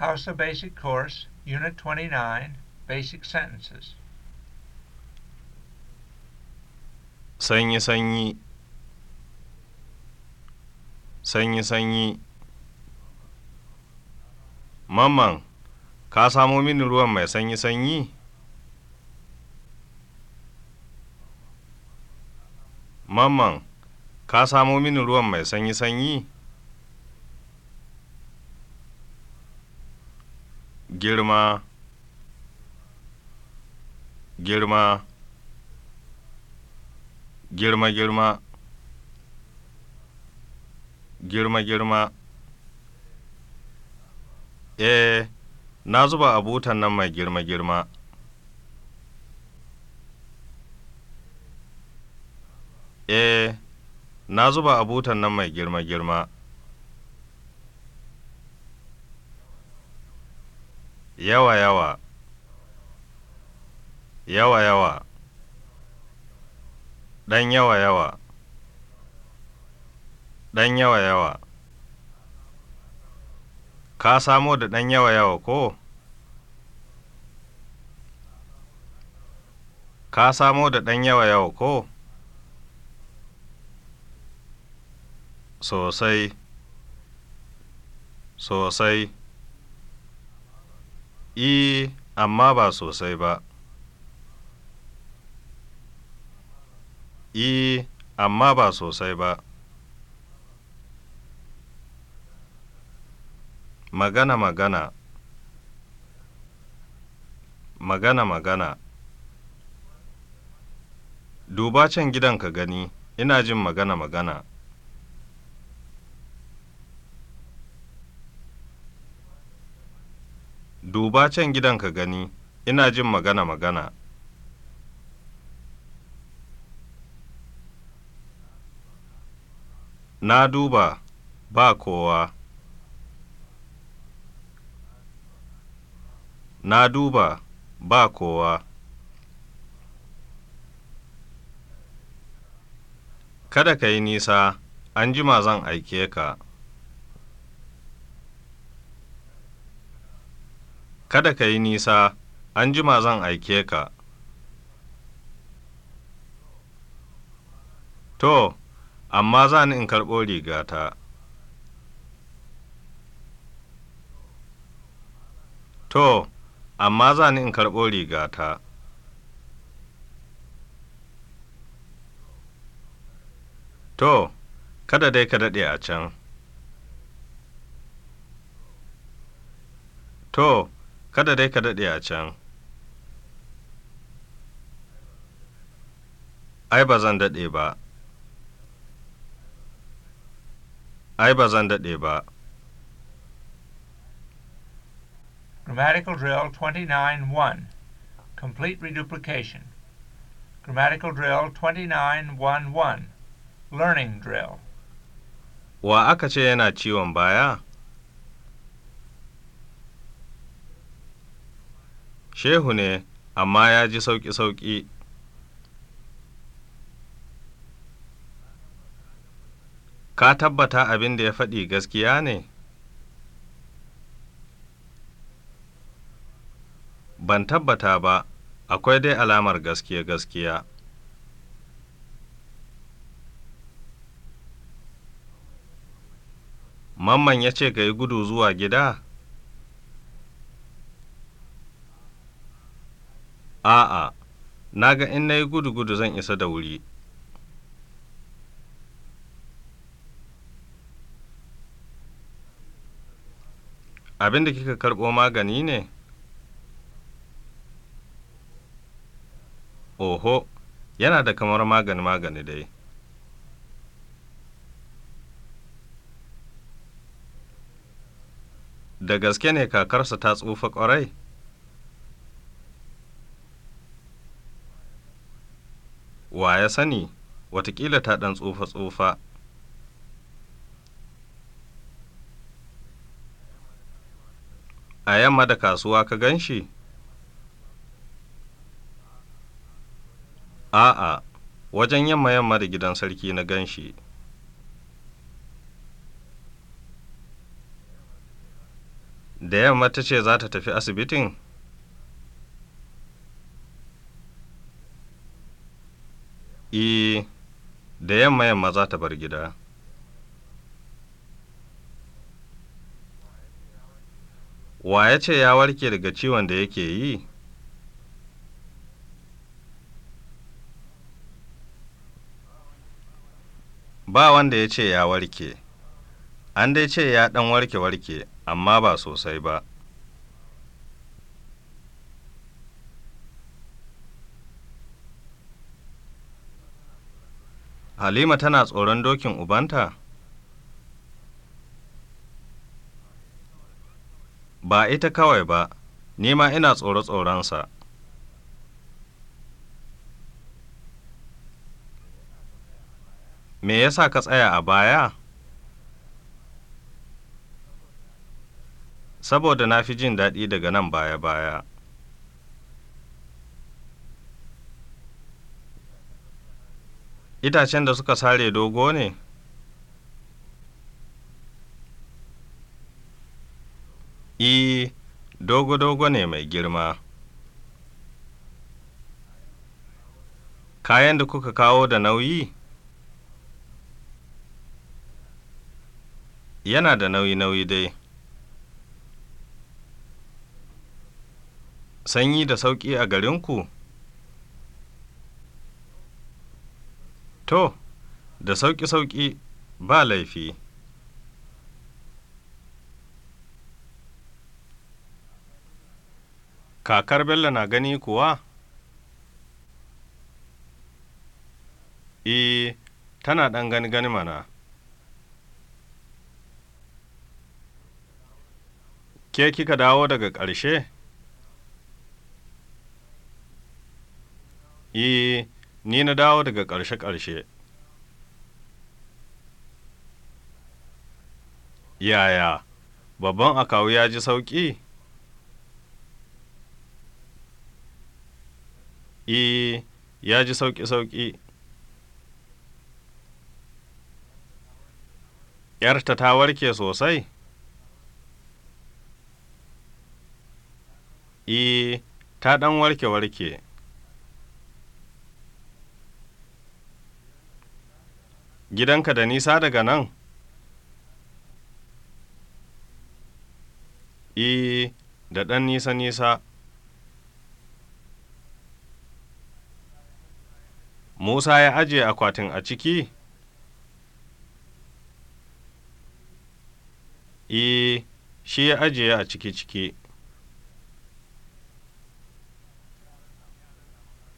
Hausa Basic Course, Unit 29, Basic Sentences. Sanyi-sanyi Sanyi-sanyi Mamman, ka samo mini ruwan mai sanyi-sanyi? Mamman, ka samo mini ruwan mai sanyi-sanyi? girma girma girma girma girma girma eh na zuba a butan nan mai girma girma eh na zuba a butan nan mai girma girma yawa yawa yawa yawa ɗan yawa yawa ɗan yawa yawa ka samo da ɗan yawa yawa ko ka samo da ɗan yawa yawa ko sosai sosai E, amma ba sosai ba. E, amma ba sosai ba. Magana magana. Magana magana. Duba can gidan ka gani, ina jin magana magana. duba can gidan ka gani ina jin magana magana na duba ba kowa na duba ba kowa kada ka yi nisa an jima zan aike ka Kada ka yi nisa, an jima zan aike ka. To, amma za in karɓo rigata. To, amma za in karɓo rigata. To, kada dai ka daɗe a can. To, kada dai ka daɗe a can ai ba zan daɗe ba ai ba zan daɗe ba Grammatical drill 29-1 Complete reduplication Grammatical drill 29-1-1 Learning drill Wa aka ce yana ciwon baya? shehu ne amma ya ji sauƙi-sauƙi ka tabbata abin da ya faɗi gaskiya ne ban tabbata ba akwai dai alamar gaskiya-gaskiya mamman ya ce ka yi gudu zuwa gida A'a, na ga in na yi gudu-gudu zan isa da wuri. Abin da kika karɓo magani ne? Oho, yana da kamar magani-magani dai. Da gaske ne kakarsa ta tsufa ƙwarai? wa ya sani watakila ta ɗan tsofa tsofa. a yamma da kasuwa ka gan shi a'a wajen yamma-yamma da gidan sarki na gan shi da yamma ta ce za ta tafi asibitin E, da yamma yamma za ta bar gida. Wa ya ce ya warke daga ciwon da yake yi? Ba wanda ya ce ya warke, an dai ce ya ɗan warke-warke, amma ba sosai ba. Halima tana tsoron dokin ubanta? Ba ita kawai ba, nema ina tsoro-tsoronsa. Me yasa ka tsaya a baya? Saboda na fi jin daɗi daga nan baya-baya. Itacen da suka sare dogo ne? I, dogo-dogo ne mai girma. Kayan da kuka kawo da nauyi? Yana da nauyi-nauyi dai. Sanyi da sauƙi a garinku? To, da sauƙi-sauƙi ba laifi. Kakar Bello na gani kuwa? E, tana ɗan gani-gani mana. Ke kika dawo daga ƙarshe? E, ni na dawo daga ƙarshe-ƙarshe yaya babban akawu ya ji sauƙi e ya ji sauƙi-sauƙi ‘yarta ta warke sosai e ta ɗan warke-warke Gidanka da nisa daga nan? E, da ɗan nisa-nisa. Musa ya ajiye akwatin a ciki? E, shi ya ajiye a ciki-ciki.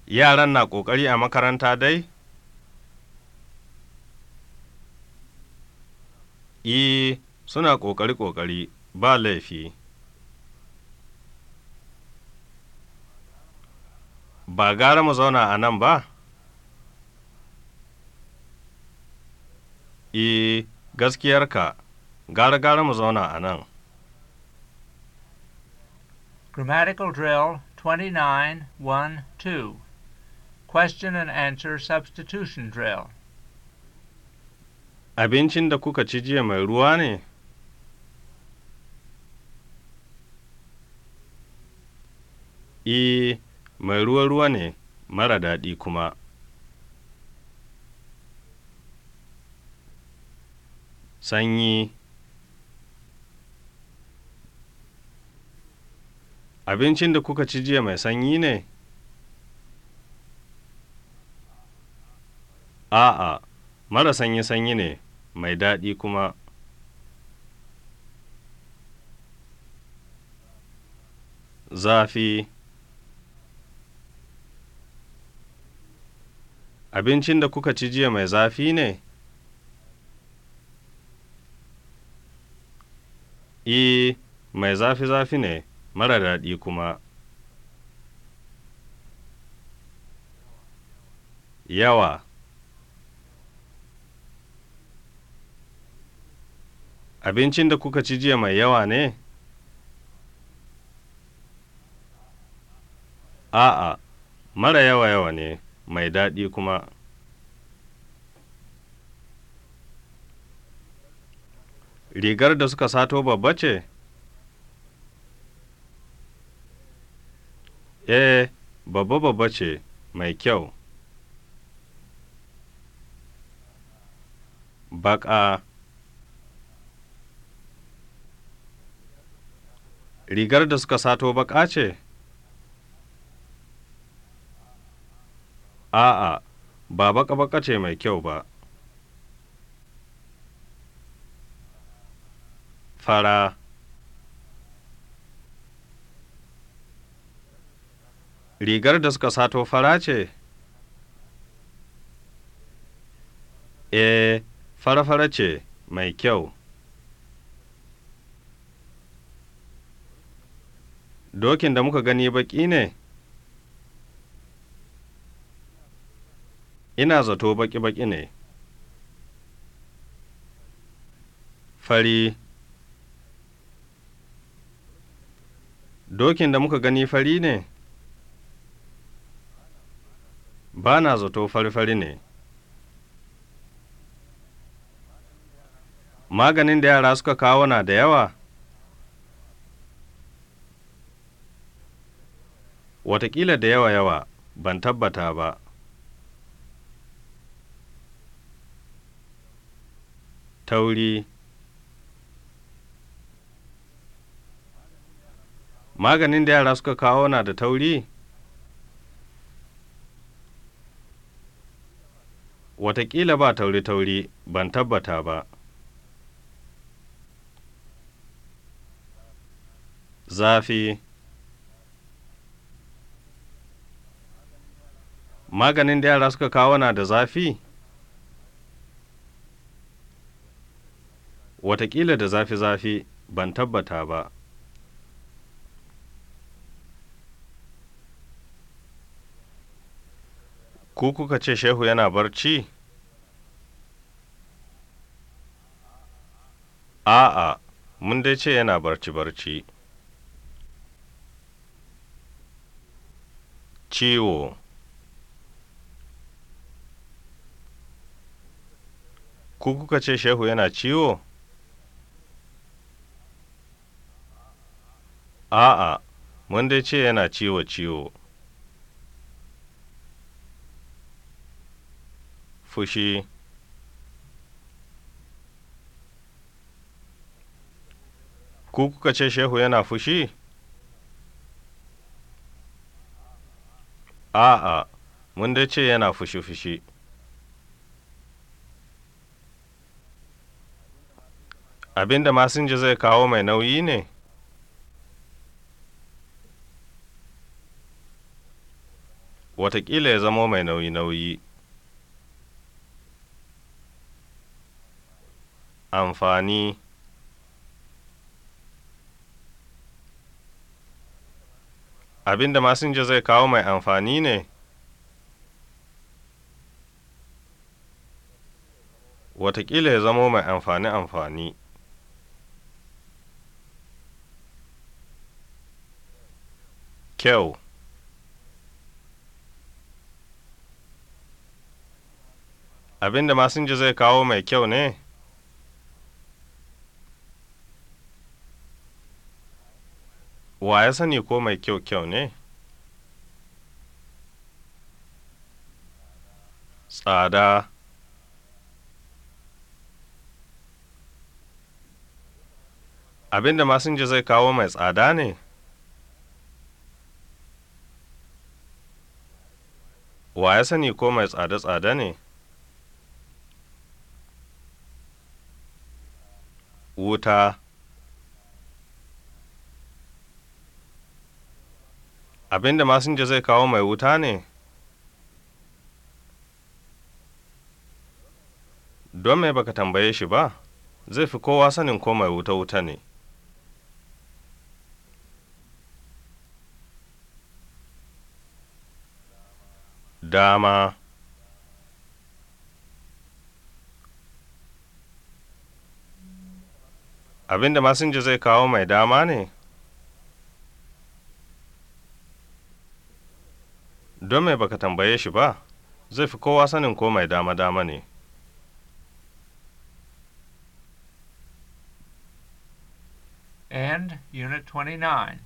Yaran na ƙoƙari a makaranta dai? E, suna ƙoƙari-ƙoƙari ba laifi. Ba gara mu zauna a nan ba? E, gaskiyarka, gara-gara mu zauna a nan. Grammatical drill 29 1 2 Question and answer substitution drill Abincin da kuka ci jiya mai ruwa ne? Eh, mai ruwa-ruwa ne, mara daɗi kuma. Sanyi Abincin da kuka ci jiya mai sanyi ne? A'a, mara sanyi-sanyi ne. mai daɗi kuma zafi abincin da kuka ci jiya mai zafi ne e mai zafi-zafi ne mara daɗi kuma yawa abincin da kuka ci jiya mai yawa ne? A'a, mara yawa-yawa ne, mai daɗi kuma. Rigar da suka sato babba ce? Eh, babba-babba ce, mai kyau. Baka. rigar da suka sato baƙa ce? A'a, ba baƙa-baƙa ce mai kyau ba. Fara Rigar da suka sato fara ce? E, fara-fara ce mai kyau. Dokin da muka gani baƙi ne? Ina zato baƙi-baƙi ne. Fari Dokin da muka gani fari ne? Ba na zato fari-fari ne. Maganin da yara suka kawo na da yawa? Wataƙila da yawa-yawa, ban tabbata ba. Tauri Maganin da yara suka kawo na da tauri? Wataƙila ba tauri-tauri, ban tabbata ba. Zafi maganin da yara suka kawo na da zafi Wataƙila da zafi-zafi ban tabbata ba ku kuka ce shehu yana barci a'a mun dai ce yana barci-barci ciwo ku kuka ce shehu yana ciwo a'a mun dai ce yana ciwo-ciwo fushi ku kuka ce shehu yana fushi a'a mun dai ce yana fushi-fushi abin da masinja zai kawo mai nauyi ne watakila ya zamo mai nauyi-nauyi amfani abin da masinja zai kawo mai amfani ne watakila ya zamo mai amfani-amfani kyau abinda masinja zai kawo mai kyau ne wa ya sani ko mai kyau kyau ne tsada abinda masinja zai kawo mai tsada ne wa ya sani ko mai tsada-tsada ne wuta abinda masinja zai kawo mai wuta ne don mai baka tambaye shi ba zai fi kowa sanin ko mai wuta-wuta ne dama abinda masinja zai kawo mai dama ne don mai baka tambaye shi ba zai fi kowa sanin ko mai dama-dama ne and unit 29